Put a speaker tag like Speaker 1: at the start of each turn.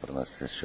Speaker 1: pronunciation.